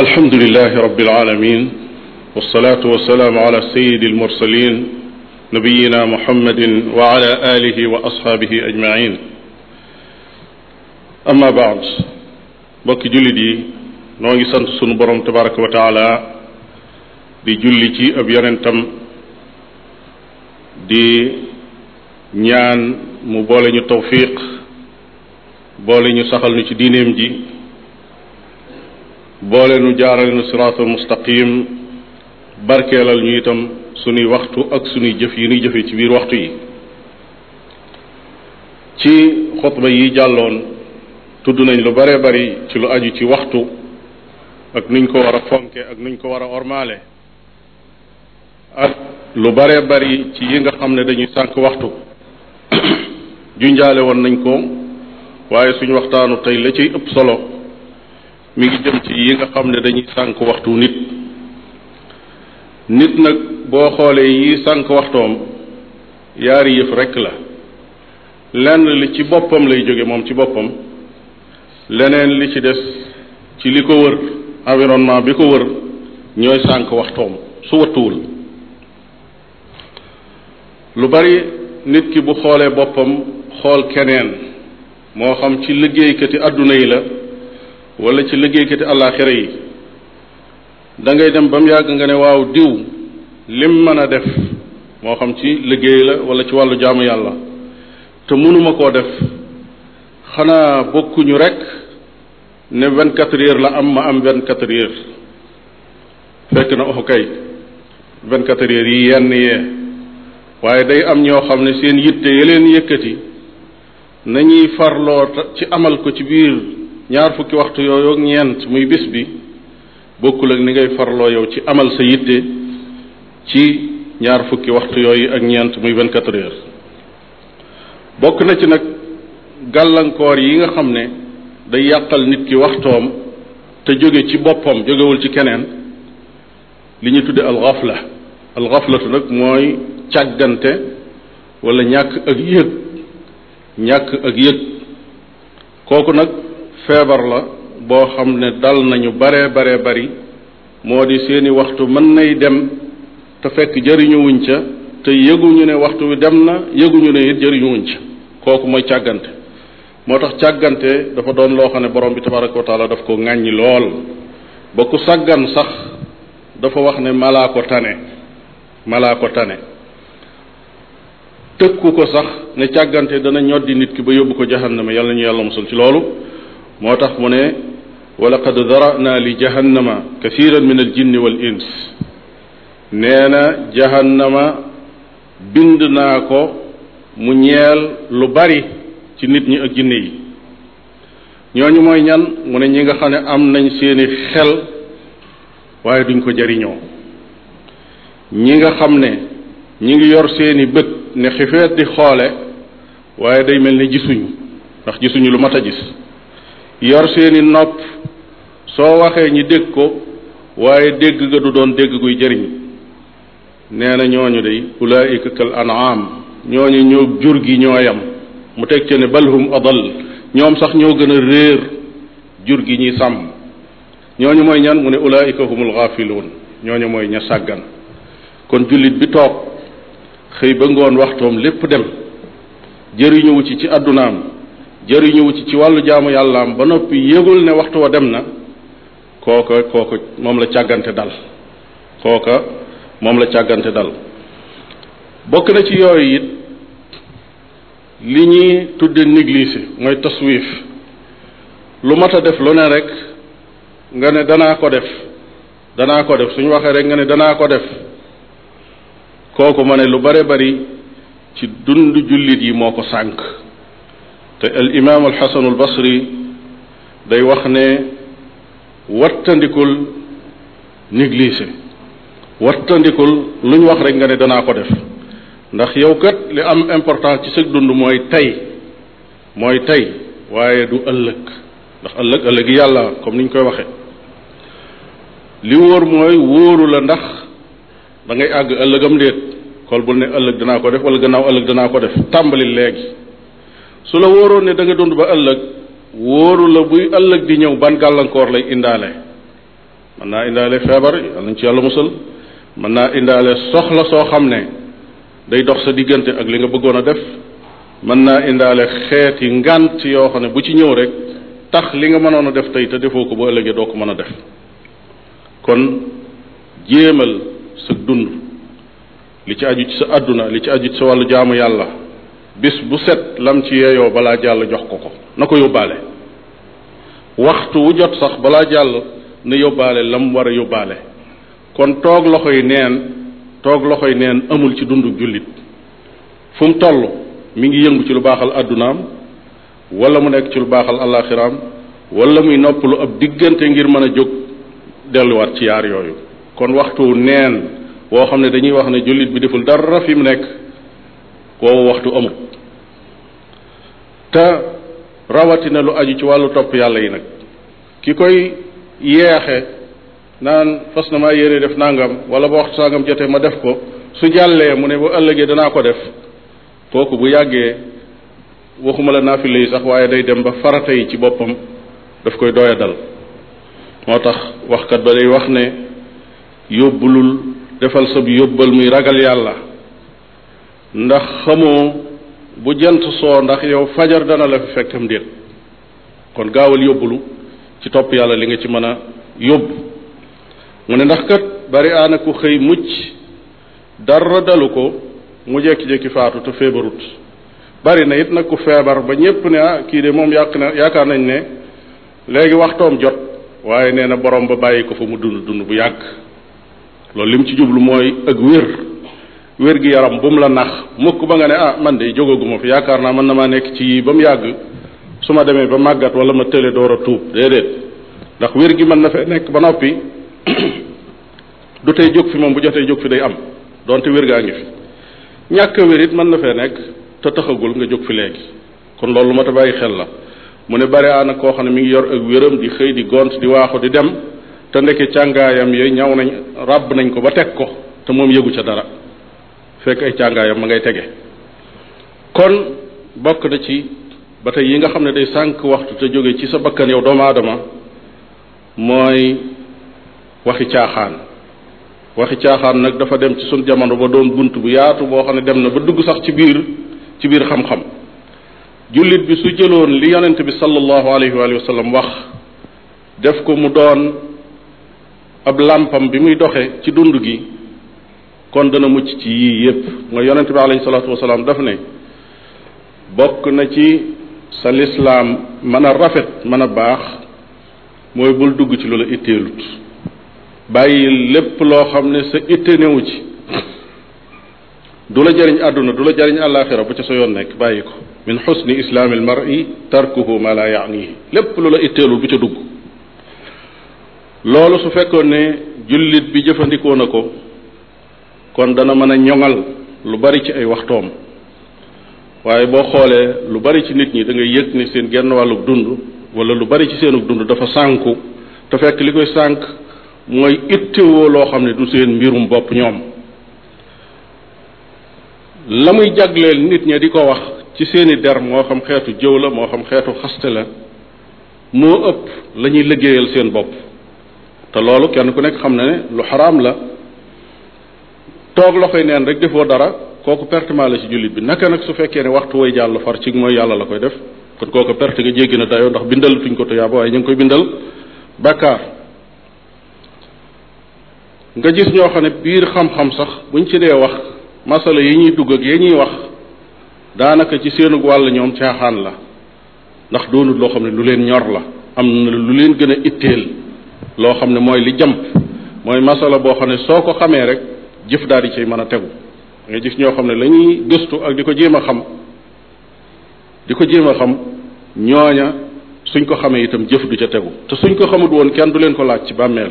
alhamdulilahi rabbil aalamiin wasalaatu wasalaamu ala sayyidil mursaliin nabiyyina muhammadin wa ala aalihi wa asxaabihi ajma'iin amma baad mbokki jullit yi noo ngi sant sunu borom tabaraka wa taala di julli ci ab yonentam di ñaan mu boole ñu tawfiq boole ñu saxal ñu ci diineem ji boole nu jaarale nu siraatul mustaqim barkeelal ñu itam sunuy waxtu ak sunuy jëf yi nuy jëfe ci biir waxtu yi ci xutba yi jàlloon tudd nañ lu bare bari ci lu aju ci waxtu ak nuñ ko war a fonke ak nuñ ko war a ormaale ak lu bare bari ci yi nga xam ne dañuy sànq waxtu junjaale woon nañ ko waaye suñ waxtaanu tey la ciy ëpp solo mi ngi jëm ci yi nga xam ne dañuy sànq waxtu nit nit nag boo xoolee yi sànq waxtoom yaari yëf rekk la lenn li ci boppam lay jóge moom ci boppam leneen li ci des ci li ko wër environnement bi ko wër ñooy sànq waxtoom su wattuwul lu bari nit ki bu xoolee boppam xool keneen moo xam ci liggéeykati àdduna yi la wala ci liggéeykati àllaaxira yi dangay dem ba mu yàgg nga ne waaw diw lim mën a def moo xam ci liggéey la wala ci wàllu jaamu yàlla te mënuma koo def xanaa bokkuñu rek ne vingt quatre heures la am ma am vingt quatre heures fekk na ox kay vingt quatre yi yenn yee waaye day am ñoo xam ne seen yitte leen yëkkati nañuy farloo ci amal ko ci biir ñaar fukki waxtu yooyu ak ñeent muy bis bi bokkul ak ni ngay farloo yow ci amal sa yitte ci ñaar fukki waxtu yooyu ak ñeent muy vingt quatre heures bokk na ci nag gàllankoor yi nga xam ne day yàqal nit ki waxtoom te jóge ci boppam jógewul ci keneen li ñu tudde al xafla al xaflatu nag mooy càggante wala ñàkk ak yëg ñàkk ak yëg kooku nag feebar la boo xam ne dal nañu baree baree bari moo di seeni waxtu mën nay dem te fekk jëriñuwuñ ca te yëguñu ne waxtu wi dem na yëguñu ne it jëriñuwuñ ca kooku mooy càggante moo tax càggante dafa doon loo xam ne borom bi tabaraka wa taala daf ko ŋàññi lool ba ku sàggan sax dafa wax ne malaa ko tane malaa ko tane tëkku ko sax ne càggante dana ñoddi nit ki ba yóbbu ko jahannama yàlla ñu yàlla musal ci loolu moo tax mu ne wa dara darana li jahannama kathiran min al jinni wal ins nee na jahannama bind naa ko mu ñeel lu bari ci nit ñi ak jinne yi ñooñu mooy ñan mu ne ñi nga xam ne am nañ seeni xel waaye duñ ko jariñoo ñi nga xam ne ñi ngi yor seeni bët ne xifeet di xoole waaye day mel ni gisuñu ndax gisuñu lu mat a gis yor seeni nopp soo waxee ñi dégg ko waaye dégg nga du doon dégg guy jëriñ nee na ñooñu day ulaika kal an'am ñooñu ñoo jur gi ñooyam mu teg ca ne balhum adal ñoom sax ñoo gën a réer jur gi ñuy sàmm ñooñu mooy ñan mu ne ulaika humul ghafiluun ñooñu mooy ña sàggan kon jullit bi toog xëy ba ngoon waxtoom lépp dem jëriñuwu ci ci àddunaam jëriñuwu ci ci wàllu jaamu yàllaam ba noppi yëgul ne waxtu wa dem na kooka kooka moom la càggante dal kooka moom la càggante dal bokk na ci yooyu it li ñuy tudde négligé mooy taswif lu mat a def lu ne rek nga ne danaa ko def danaa ko def suñu waxee rek nga ne danaa ko def kooku ma ne lu bare bari ci dund jullit yi moo ko sànk te al imaam al xasanul basri day wax ne wattandikul négligé wattandikul lu ñu wax rek nga ne danaa ko def ndax yow kat li am importance ci sa dund mooy tey mooy tey waaye du ëllëg ndax ëllëg ëllëgi yàlla comme ni ñu koy waxe li wóor mooy wóorula ndax da ngay àgg am déet kol bu ne ëllëg danaa ko def wala gannaaw ëllëg danaa ko def tàmbali léegi su la wóoroon ne da nga dund ba ëllëg wóoru la buy ëllëg di ñëw ban gàllankoor lay indaale mën naa indaale feebar yàlla nañ ci yàlla musal mën naa indaale soxla soo xam ne day dox sa diggante ak li nga bëggoon a def mën naa indaale xeeti ngànt yoo xam ne bu ci ñëw rek tax li nga mënoon a def tey te defoo ko ba ëllëgee doo ko mën a def kon jéemal sa dund li ci aju ci sa àdduna li ci aju ci sa wàllu jaamu yàlla bis bu set lam ci yeeyoo balaa jàll jox ko ko na ko yóbbaale waxtu wu jot sax balaa jàll na yóbbaale lam war a yóbbaale kon toog loxoy neen toog loxoy neen amul ci dundu jullit fu mu toll mi ngi yëngu ci lu baaxal àddunaam walla mu nekk ci lu baaxal alaxiraam wala muy noppalu ab diggante ngir mën a jóg delluwaat ci yaar yooyu kon waxtu neen woo xam ne dañuy wax ne jullit bi deful dara fi mu nekk woowu waxtu amul te rawatina lu aju ci wàllu topp yàlla yi nag ki koy yeexe naan fas na maa yéene def nangam wala ba waxtu sangam jotee ma def ko su jàllee mu ne bu ëllëgee danaa ko def kooku bu yàggee waxuma la naafile yi sax waaye day dem ba farata yi ci boppam daf koy doya dal moo tax waxkat ba day wax ne yóbbulul defal sab yóbbal muy ragal yàlla ndax xamoo bu jant soo ndax yow fajar dana la fi fekkam déet kon gaawal yóbbulu ci topp yàlla li nga ci mën a yóbbu mu ne ndax kat bari aana ku xëy mucc dara dalu ko mu jekki-jekki faatu te feebarut bari na it nag ku feebar ba ñépp ne ah kii de moom yàq na yaakaar nañ ne léegi waxtoom jot waaye nee na borom ba bàyyi ko fa mu dund dund bu yàgg loolu lim ci jublu mooy ak wér wér gi yaram bu mu la nax mukk ba nga ne ah man de jógaguma fi yaakaar naa mën na maa nekk ci yii ba mu yàgg su ma demee ba màggat wala ma tële door a tuub déedéet ndax wér gi mën na fee nekk ba noppi du tey jóg fi moom bu jotee jóg fi day am donte wér gaa ngi fi ñàkk a wér it mën na fee nekk te taxagul nga jóg fi léegi kon loolu ma ta bàyyi xel la mu ne bare aana koo xam ne mi ngi yor ak wéram di xëy di gont di waaxu di dem te ndeke càngaayam yooyu ñaw nañ ràbb nañ ko ba teg ko te moom yëgu ca dara fekk ay càngaayam ma ngay tege kon bokk na ci ba tey yi nga xam ne day sànq waxtu te jóge ci sa bakkan yow doomu aadama mooy waxi caaxaan waxi caaxaan nag dafa dem ci sunu jamono ba doon bunt bu yaatu boo xam ne dem na ba dugg sax ci biir ci biir xam-xam jullit bi su jëloon li yonent bi sallallahu alayhi wa sallam wax def ko mu doon ab làmpam bi muy doxe ci dund gi kon dana mucc ci yii yépp mooy yonente bi alayhi salaatu salaam dafa ne bokk na ci sa lislaam mën a rafet mën a baax mooy bul dugg ci lu la itteelut bàyyi lépp loo xam ne sa itte newu ci du la jariñ àdduna du la jariñ àllaaxira bu ca sa yoon nekk bàyyi ko min xusni islaamil mar'i tarkuhu ma la yaanihi lépp lu la itteelul bu ca dugg loolu su fekkoon ne jullit bi jëfandikoo na ko kon dana mën a ñoŋal lu bari ci ay waxtoom waaye boo xoolee lu bari ci nit ñi da ngay yëg ni seen genn wàlluk dund wala lu bari ci seenu dund dafa sànku te fekk li koy sànk mooy ittewoo loo xam ne du seen mbirum bopp ñoom la muy jagleel nit ñi di ko wax ci seeni der moo xam xeetu jëw la moo xam xeetu xaste la moo ëpp lañuy liggéeyal seen bopp te loolu kenn ku nekk xam na ne lu xaraam la toog loxoy neen rek defoo dara kooku pertement la ci jullit bi naka nag su fekkee ne waxtu way jàll far ci mooy yàlla la koy def kon kooku perte nga jéggi na dayoo ndax bindal tuñ ko tuyaaba waaye ñu ngi koy bindal bàkkaar nga gis ñoo xam ne biir xam-xam sax buñ ci dee wax masala yi ñuy dugg ak yi ñuy wax daanaka ci seenu wàll ñoom caaxaan la ndax doonut loo xam ne lu leen ñor la am na lu leen gën a itteel loo xam ne mooy li jamp mooy masala boo xam ne soo ko xamee rek jëf daal di cay mën a tegu nga gis ñoo xam ne la ñuy gëstu ak di ko jéem a xam di ko jéem a xam ñooña suñ ko xamee itam jëf du ca tegu te suñ ko xamut woon kenn du leen ko laaj ci bàmmeel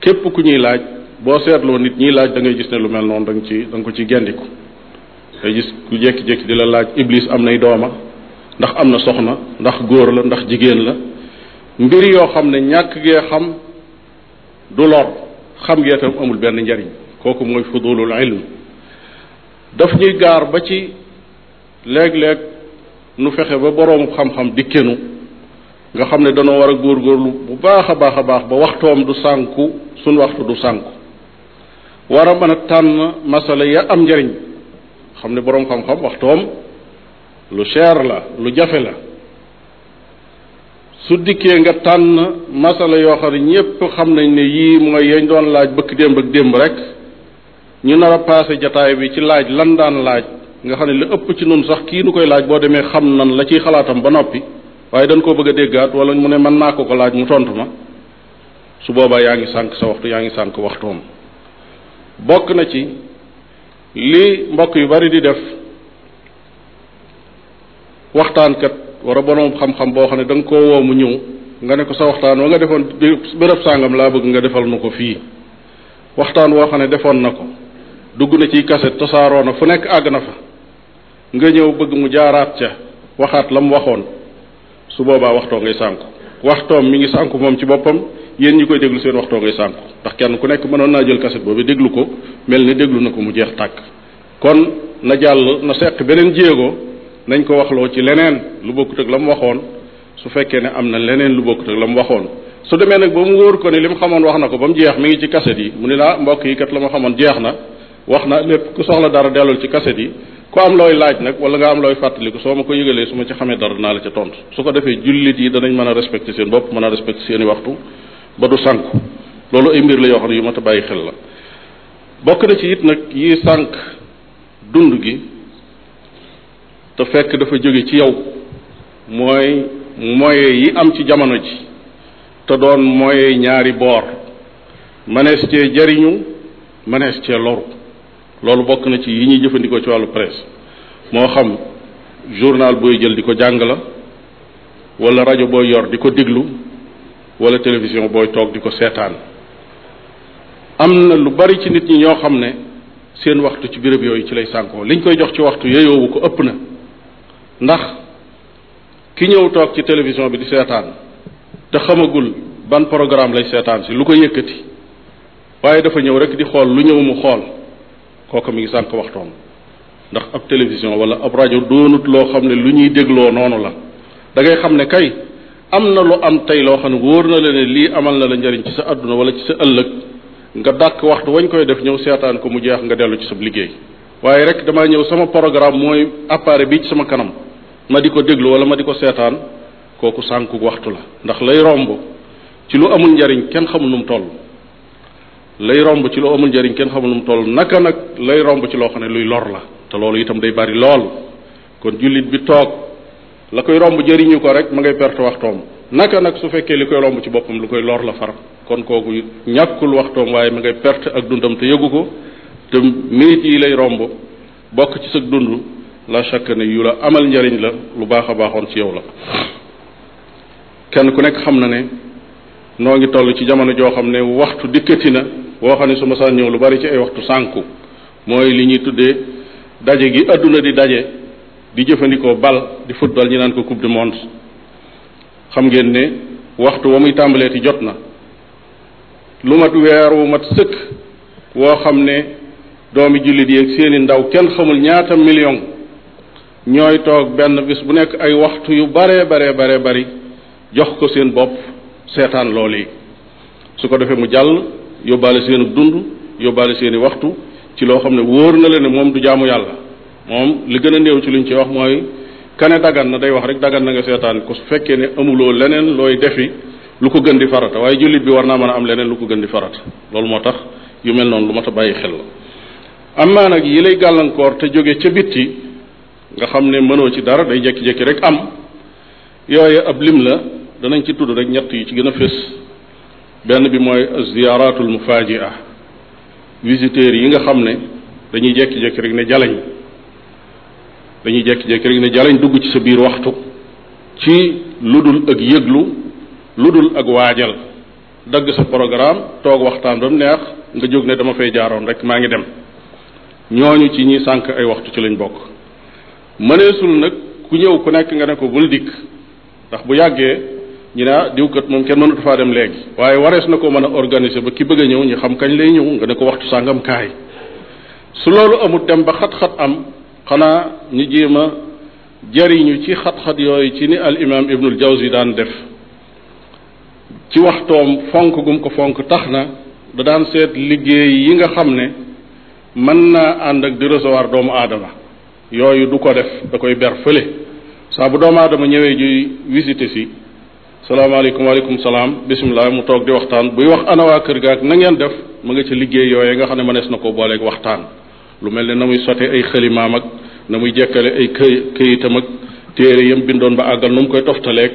képp ku ñuy laaj boo seetloo nit ñiy laaj da ngay gis ne lu mel noonu da nga ci da nga ko ci gendiku day gis ku jékki-jékki di la laaj iblis am nay dooma ndax am na soxna ndax góor la ndax jigéen la mbir yoo xam ne ñàkk gee xam du lor xam gee itam amul benn njariñ kooku mooy fudulul ilm daf ñuy gaar ba ci léeg-léeg nu fexe ba boroomu xam-xam dikkenu nga xam ne danoo war a góor góor bu baax a baax a baax ba waxtoom du sànku suñ waxtu du sànku war a mën a tànn masala ya am njariñ xam ne boroom xam-xam waxtoom lu cher la lu jafe la su dikkee nga tànn masala yoo xam ne ñépp xam nañ ni yii mooy yañ doon laaj bëkk démb ak démb rekk ñu nar a passé jataay bi ci laaj lan daan laaj nga xam ne li ëpp ci nun sax kii nu koy laaj boo demee xam nan la ciy xalaatam ba noppi waaye dañ koo bëgg a déggaat wala mu ne man naa ko ko laaj mu tontu ma su boobaa yaa ngi sànq sa waxtu yaa ngi sànq waxtoom bokk na ci li mbokk yu bari di def waxtaankat wala boroom xam-xam boo xam ne danga nga koo woo mu ñëw nga ne ko sa waxtaan wa nga defoon bërëb sàngam laa bëgg nga defal nu ko fii waxtaan woo xam ne defoon na ko dugg na ci kaset tasaaroo na fu nekk àgg na fa nga ñëw bëgg mu jaaraat ca waxaat la mu waxoon su boobaa waxtoo ngay sànku waxtoom mi ngi sànku moom ci boppam yéen ñi koy déglu seen waxtoo ngay sànku ndax kenn ku nekk mënoon naa jël kaset boobu déglu ko mel ni déglu na ko mu jeex tàkk kon na jàll na seq beneen jéegoo nañ ko wax waxloo ci leneen lu bokkut ak la mu waxoon su fekkee ne am na leneen lu bokkut ak la mu waxoon su demee nag ba mu wóor ko ne li mu xamoon wax na ko ba mu jeex mi ngi ci kaset yi mu ne laa ah, mbokk yi kat la ma xamoon jeex na wax naa lépp ku soxla dara dellul ci kaset yi ku am looy laaj nag wala nga am looy fàttaliku soo ma ko yëgalee su ma ci xamee dara naa la ca tontu su ko defee jullit yi danañ mën a respecté seen bopp mën a respecté seen i waxtu ba du sànku loolu ay mbir la yoo xam ne yu ma a bàyyi xel la bokk na ci it nag yi sànq dund gi te fekk dafa jóge ci yow mooy moye yi am ci jamono ji te doon moye ñaari boor mënees cee jariñu mënees cee loru loolu bokk na ci yi ñuy jëfandikoo ci wàllu presse moo xam journal booy jël di ko jàng la wala rajo booy yor di ko déglu wala télévision booy toog di ko seetaan am na lu bari ci nit ñi ñoo xam ne seen waxtu ci béréb yooyu ci lay sànkoo liñ koy jox ci waxtu yeyoowu ko ëpp na ndax ki ñëw toog ci télévision bi di seetaan te xamagul ban programme lay seetaan si lu ko yëkkati waaye dafa ñëw rek di xool lu ñëw mu xool kooku mi ngi sànq waxtoom ndax ab télévision wala ab rajo doonut loo xam ne lu ñuy dégloo noonu la da ngay xam ne kay am na lu am tey loo xam ne wóor na la ne lii amal na la njariñ ci sa àdduna wala ci sa ëllëg nga dàkk waxtu wañ koy def ñëw seetaan ko mu jeex nga dellu ci sa liggéey waaye rek damaa ñëw sama programme mooy appareil bi ci sama kanam ma di ko déglu wala ma di ko seetaan kooku sànku waxtu la ndax lay romb ci lu amul njariñ kenn xamul mu toll lay romb ci loo amul njariñ kenn xamul nu mu toll naka nag lay romb ci loo xam ne luy lor la te loolu itam day bari lool kon jullit bi toog la koy romb jëriñu ko rek ma ngay perte waxtoom naka nag su fekkee li koy romb ci boppam lu koy lor la far kon kooku ñàkkul waxtoom waaye ma ngay perte ak dundam te yëgu ko te minutes yi lay romb bokk ci sa dund la chaque ne yu la amal njariñ la lu baax a baaxoon ci yow la kenn ku nekk xam na ne noo ngi toll ci jamono joo xam ne waxtu dikkati na woo xam ne suma ma saan ñëw lu bari ci ay waxtu sànku mooy li ñuy tuddee daje gi àdduna di daje di jëfandikoo bal di football ñi naan ko coupe du monde xam ngeen ne waxtu wa muy tàmbalee jot na lu mat weer wu mat sëkk woo xam ne doomi jullit yi ak seeni ndaw kenn xamul ñaata million ñooy toog benn bis bu nekk ay waxtu yu bare bare bare bari jox ko seen bopp seetaan lool yi su ko defee mu jàll yóbbaale seenu dund yóbbaale seeni waxtu ci loo xam ne wóor na la ne moom du jaamu yàlla moom li gën a néew ci luñ ci wax mooy kane dagan na day wax rek dagan na nga seetaan ko su fekkee ne amuloo leneen looy defi lu ko gën di farata waaye jullit bi war naa mën a am leneen lu ko gën di farata loolu moo tax yu mel noonu lu ma a bàyyi xel la amaa nag yi lay gàllankoor te jóge ca bitti nga xam ne mënoo ci dara day jekki-jekki rek am yooy ab lim la danañ ci tudd rek ñett yi ci gën benn bi mooy ziyaaratul a visiteurs yi nga xam ne dañuy jekki-jekki rek ne jalañ dañuy jekki-jekki ne jalañ dugg ci sa biir waxtu ci lu dul ak yëglu lu dul ak waajal dagg sa programme toog waxtaan ba mu neex nga jóg ne dama fay jaaroon rek maa ngi dem ñooñu ci ñi sànq ay waxtu ci lañ bokk mëneesul nag ku ñëw ku nekk nga ne ko bul dikk ndax bu yàggee ñu ne ah diw kat moom kenn mënatu faa dem léegi waaye warees na ko mën a organiser ba ki bëgg a ñëw ñu xam kañ lay ñëw nga ne ko waxtu sàngam kaay su loolu amut dem ba xat-xat am xanaa ñu jéem a jariñu ci xat-xat yooyu ci ni al imam ibnul jawzi daan def ci waxtoom fonk gum ko fonk tax na da daan seet liggéey yi nga xam ne mën naa ànd ak di doomu aadama yooyu du ko def da koy ber fële saa bu doomu aadama ñëwee juy visiter si salaamaaleykum waaleykum salaam bisimilah mu toog di waxtaan buy wax ana waa kër gaag na ngeen def mu nga ca liggéey yooye nga xam ne mënees na ko booleeg waxtaan lu mel ne na muy sote ay xëlimaam ak na muy jekkale ay këy këyitam ak téere yam bindoon ba àggal nu mu koy toftaleeg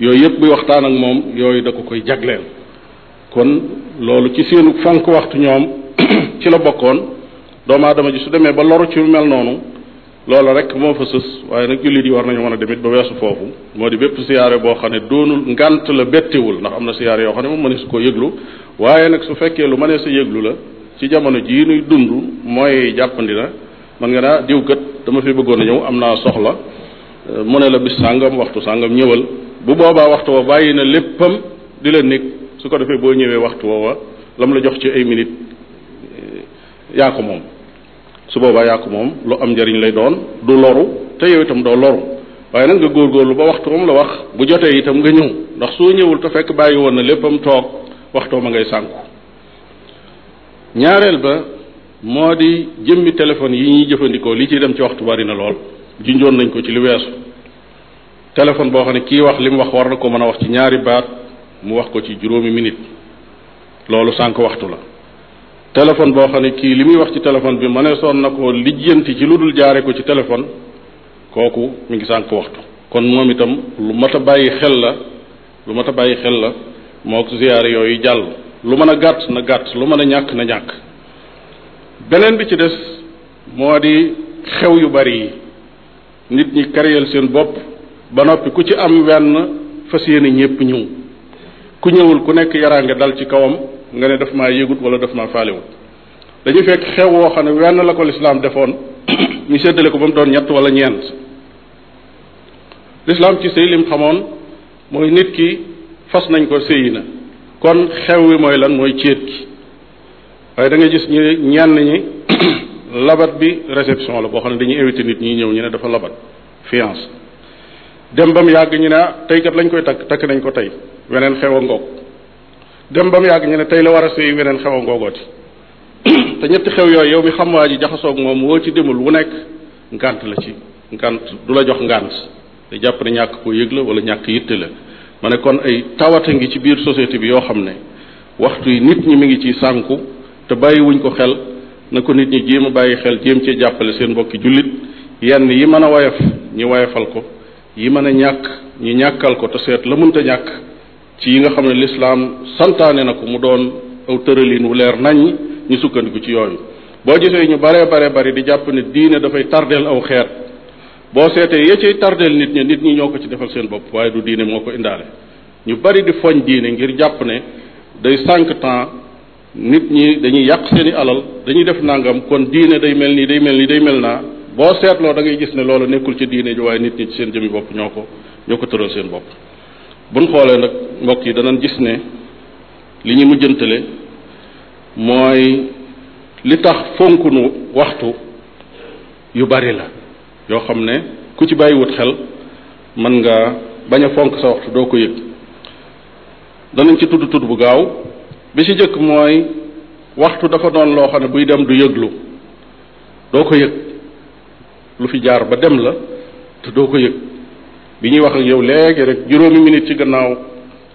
yooyu yëpp buy waxtaan ak moom yooyu da ko koy jagleel kon loolu ci seenu fànk waxtu ñoom ci la bokkoon doomu aadama ji su demee ba loru ci mel noonu loola rek moo fa sës waaye nag jullit yi war nañu man a demit ba weesu foofu moo di bépp siyaare boo xam ne doonul ngant la bettiwul ndax am na siyaare yoo xam ne moom mënees koo yëglu waaye nag su fekkee lu mënees a yëglu la ci jamono jii nuy dund mooy jàppandi na man nga naa diw kat dama fi bëggoon a ñëw am naa soxla mu ne la bis sàngam waxtu sàngam ñëwal bu boobaa waxtu wa bàyyi na léppam di la nekk su ko defee boo ñëwee waxtu woowa lam la jox ci ay minutes yaa moom su boobaa yaa moom lu am njariñ lay doon du loru te yow itam doo loru waaye nag nga góor góorgóorlu ba waxtu moom la wax bu jotee itam nga ñëw ndax soo ñëwul te fekk bàyyi woon na léppam toog waxtoo ma ngay sànku ñaareel ba moo di jëmmi téléphone yi ñuy jëfandikoo li ciy dem ci waxtu bari na lool junjoon nañ ko ci li weesu téléphone boo xam ne kii wax li mu wax war na ko mën a wax ci ñaari baat mu wax ko ci juróomi minit loolu sànq waxtu la téléphone boo xam ne kii li muy wax ci téléphone bi ma mëneesoon na ko lijjanti ci lu dul jaare ko ci téléphone kooku mu ngi sànq waxtu kon moom itam lu mat a bàyyi xel la lu mat a bàyyi xel la moo ziyaar yooyu jàll lu mën a gàtt na gàtt lu mën a ñàkk na ñàkk beneen bi ci des moo di xew yu bari yi nit ñi kariyeel seen bopp ba noppi ku ci am wenn fas yéene ñépp ñëw ku ñëwul ku nekk yaraange dal ci kawam nga ne daf maa yëgut wala daf maa faalewut dañuy fekk xew woo xam ne wenn la ko lislaam defoon ñu séddale ko ba mu doon ñett wala ñeent lislaam ci sëy lim xamoon mooy nit ki fas nañ ko sëyi na kon xew wi mooy lan mooy céet gi waaye dangay gis ñu ñenn ñi labat bi réception la boo xam ne dañuy invité nit ñi ñëw ñu ne dafa labat fiance dem ba mu yàgg ñu ne ah tey kat lañ koy takk takk nañ ko tey weneen xew a ngoog dem ba mu yàgg ñu ne tey la war a sëy weneen xew a ngoogooti te ñetti xew yooyu yow mi xam waa ji jaxasoog moom woo ci demul wu nekk ngant la ci ngant du la jox ngant te jàpp ne ñàkk koo yëg wala ñàkk yitte la ma ne kon ay tawata ngi ci biir société bi yoo xam ne waxtu yi nit ñi mi ngi ci sànku te bàyyiwuñ ko xel na ko nit ñi jéem a bàyyi xel jéem cee jàppale seen mbokki jullit yenn yi mën a woyof ñi woyofal ko yi mën a ñàkk ñi ñàkkal ko te seet la mënta ñàkk ci yi nga xam ne lislaam santaane na ko mu doon aw tëralin wu leer nañ ñu sukkandiku ci yooyu boo gisee ñu baree bare bari di jàpp ne diine dafay tardeel aw xeet boo seetee ya cay tardeel nit ñi nit ñi ñoo ko ci defal seen bopp waaye du diine moo ko indaale ñu bari di foñ diine ngir jàpp ne day sànq temps nit ñi dañuy yàq seeni alal dañuy def nangam kon diine day mel nii day mel nii day mel naa boo seetloo dangay gis ne loolu nekkul ci diine ji waaye nit ñi ci seen jëmi bopp ñoo ko ñoo ko tëral seen bopp buñ xoolee nag mbokk yi danañ gis ne li ñu mujjantale mooy li tax fonkunu waxtu yu bari la yoo xam ne ku ci bàyyiwut xel mën nga bañ a fonk sa waxtu doo ko yëg danañ ci tudd tudd bu gaaw bi ci jëkk mooy waxtu dafa doon loo xam ne buy dem du yëglu doo ko yëg lu fi jaar ba dem la te doo ko yëg bi ñuy wax ak yow léegi rek juróomi minute ci gannaaw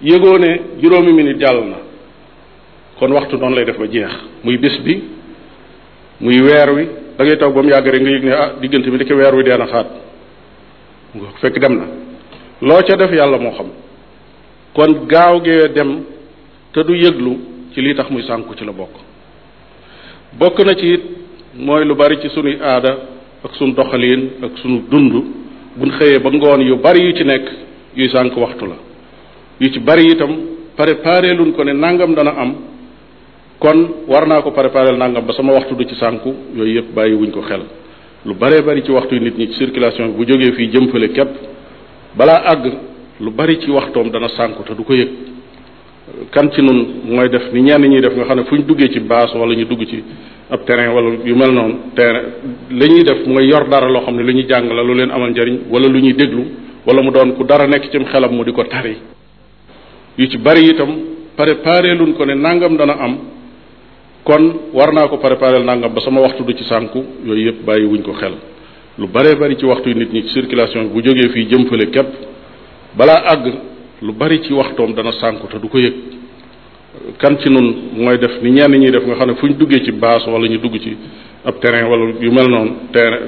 yëgoo ne juróomi minute jàll na kon waxtu noonu lay def ba jeex muy bés bi muy weer wi dangay ngay toog ba mu yàgg nga yëg ne ah diggante bi di ko weer wi dee na faat nga fekk dem na loo ca def yàlla moo xam kon gaaw gee dem te du yëglu ci lii tax muy sànku ci la bokk bokk na ci it mooy lu bari ci sunuy aada ak sunu doxaliin ak sunu dund buñ xëyee ba ngoon yu bari yu ci nekk yuy sànq waxtu la yu ci bari itam préparé luñ ko ne nangam dana am kon war naa ko préparé nangam ba sama waxtu du ci sànku yooyu yëpp bàyyi wuñ ko xel lu baree bari ci waxtu nit ñi circulation bu jógee fii jëm fële képp balaa àgg lu bari ci waxtoom dana sànku te du ko yëg kan ci nun mooy def ni ñenn ñuy def nga xam ne fu ñu duggee ci baas wala ñu dugg ci ab terrain wala yu mel noonu terrain li ñuy def mooy yor dara loo xam ne lu ñuy jàng la lu leen amal njariñ wala lu ñuy déglu wala mu doon ku dara nekk ci xelam mu di ko tari yu ci bari itam préparé luñ ko ne nangam dana am kon war naa ko préparé nangam ba sama waxtu du ci sànku yooyu yëpp bàyyi wuñ ko xel lu baree bari ci waxtu nit ñi circulation bu jógee fii jëm fële képp balaa àgg lu bari ci waxtoom dana sànku te du ko yëg kan ci nun mooy def ni ñenn ñuy def nga xam ne fu ñu duggee ci baas wala ñu dugg ci ab terrain wala yu mel noonu terrain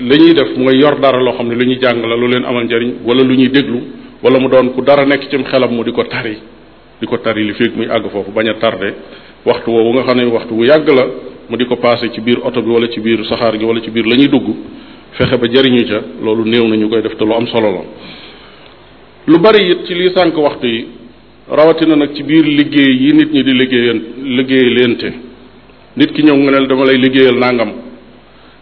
la ñuy def mooy yor dara loo xam ne lu ñuy jàng la lu leen amal njariñ wala lu ñuy déglu wala mu doon ku dara nekk cim xelam mu di ko tari di ko tari li feeg muy àgg foofu bañ a tardé waxtu woowu nga xam ne waxtu wu yàgg la mu di ko passé ci biir oto bi wala ci biir saxaar gi wala ci biir la ñuy dugg fexe ba jariñu ca loolu néew na ñu koy def te lu am solo la lu yi rawatina nag ci biir liggéey yi nit ñi di liggéeyan liggéey leente nit ki ñëw nga ne dama lay liggéeyal nàngam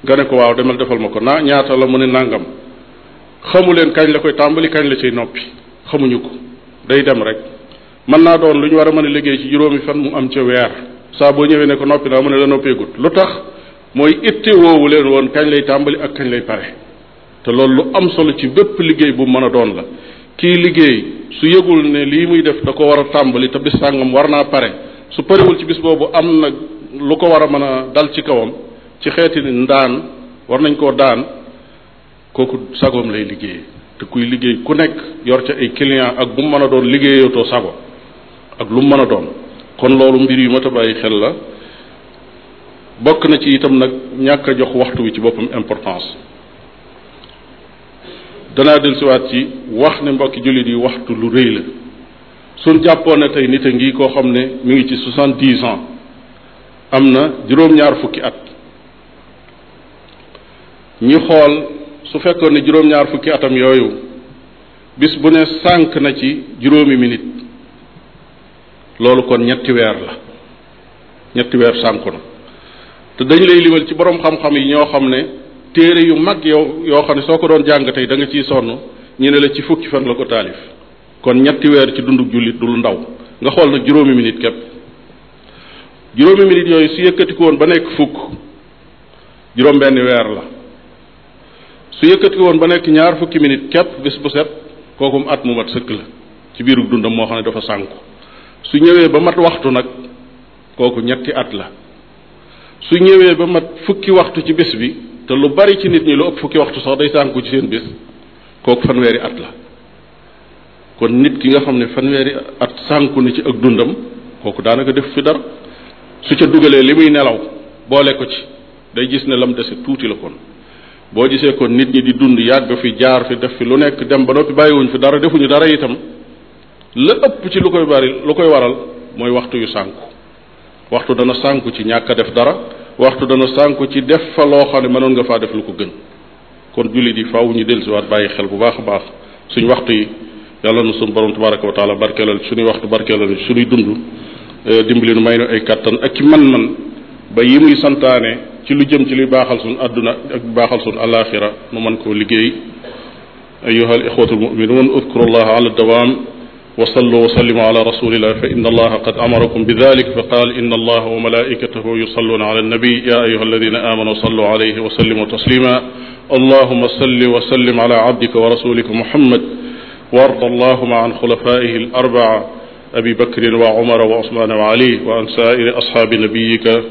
nga ne ko waaw demal defal ma ko naa ñaata la mu ne nangam xamu leen kañ la koy tàmbali kañ la cay noppi xamuñu ko day dem rek mën naa doon lu ñu war mën a liggéey ci juróomi fan mu am ca weer saa boo ñëwee ne ko noppi naa mu ne la noppeegut lu tax mooy itte woowu leen woon kañ lay tàmbali ak kañ lay pare te loolu lu am solo ci bépp liggéey bu mën a doon la kii liggéey su yëgul ne lii muy def da ko war a tàmbali te bis sàngam war naa pare su parewul ci bis boobu am nag lu ko war a mën a dal ci kawam ci xeeti ndaan war nañ koo daan kooku sagoom lay liggéey te kuy liggéey ku nekk yor ca ay client ak bu mu mën a doon liggéeyatoo sago ak lu mu mën a doon kon loolu mbir yu mat a bàyyi xel la bokk na ci itam nag ñàkk jox waxtu wi ci boppam importance danaa dellusiwaat ci wax ne mbokki jullit yi waxtu lu rëy la suñ jàppoon na tey nit a ngi koo xam ne mi ngi ci soixante dix ans am na juróom-ñaar fukki at ñi xool su fekkoon ne juróom-ñaar fukki atam yooyu bis bu ne sànq na ci juróomi minute loolu kon ñetti weer la ñetti weer sànku na te dañu lay limal ci boroom xam-xam yi ñoo xam ne téere yu mag yow yoo xam ne soo ko doon jàng tey da ciy sonn ñu ne la ci fukki fan la ko taalif kon ñetti weer ci dundu jullit du lu ndaw nga xool nag juróomi minit képp juróomi minute yooyu su yëkkati woon ba nekk fukk juróom weer la su yëkkati woon ba nekk ñaar fukki minit képp bés bu set kookum at mu mat sëkk la ci biiru dundam moo xam ne dafa sànku su ñëwee ba mat waxtu nag kooku ñetti at la su ñëwee ba mat fukki waxtu ci bis bi te lu bari ci nit ñi lu ëpp fukki waxtu sax day sànku ci seen bis kooku fanweeri at la kon nit ki nga xam ne fanweeri at sànku ni ci ak dundam kooku daanaka def fi dara su ci dugalee li muy nelaw boole ko ci day gis ne lam dese tuuti la kon boo gisee kon nit ñi di dund yàgg fi jaar fi def fi lu nekk dem ba noppi bàyyiwuñ fi dara defuñu dara itam la ëpp ci lu koy bari lu koy waral mooy waxtu yu sànku waxtu dana sànku ci ñàkk def dara waxtu dana sànku ci def fa loo xam ne mënoon nga faa def lu ko gën kon jullit yi faaw ñu dellusiwaat bàyyi xel bu baax a baax suñu waxtu yi yàlla na suñu borom tabaraka wa taala barkeelal suñuy waxtu barkeelal suñuy dund eh, dimbali nu may nu ay kattan ak ci man-man ba yi muy santaane ci lu jëm ci luy baaxal suñu àdduna ak baaxal suñu alaxira nu mën koo liggéey ayuha al ixwatu almuminuun udkuru allaha ala وصلوا وسلموا على رسول الله فإن الله قد أمركم بذلك فقال إن الله وملائكته يصلون على النبي يا أيها الذين آمنوا صلوا عليه وسلموا تسليما اللهم صل وسلم على عبدك ورسولك محمد وارض اللهم عن خلفائه الأربعة أبي بكر وعمر وعثمان وعلي وعن سائر أصحاب نبيك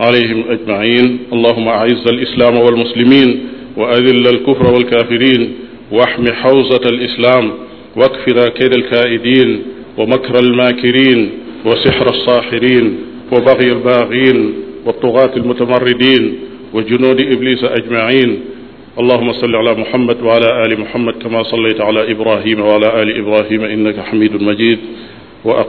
عليهم أجمعين اللهم أعز الإسلام والمسلمين وأذل الكفر والكافرين واحم حوزة الإسلام wakfina kayda alkaa'idin wa makra almaakirin wa sixra alsaaxirin wa bagya albaagiin wa tugaat almutamarridin wa junuudi iblisa ajmain allahuma salli ala muhammad wa ala ali muhammad kama sallayta ala ibrahima wa ala ali ibrahima innaka xamidun majid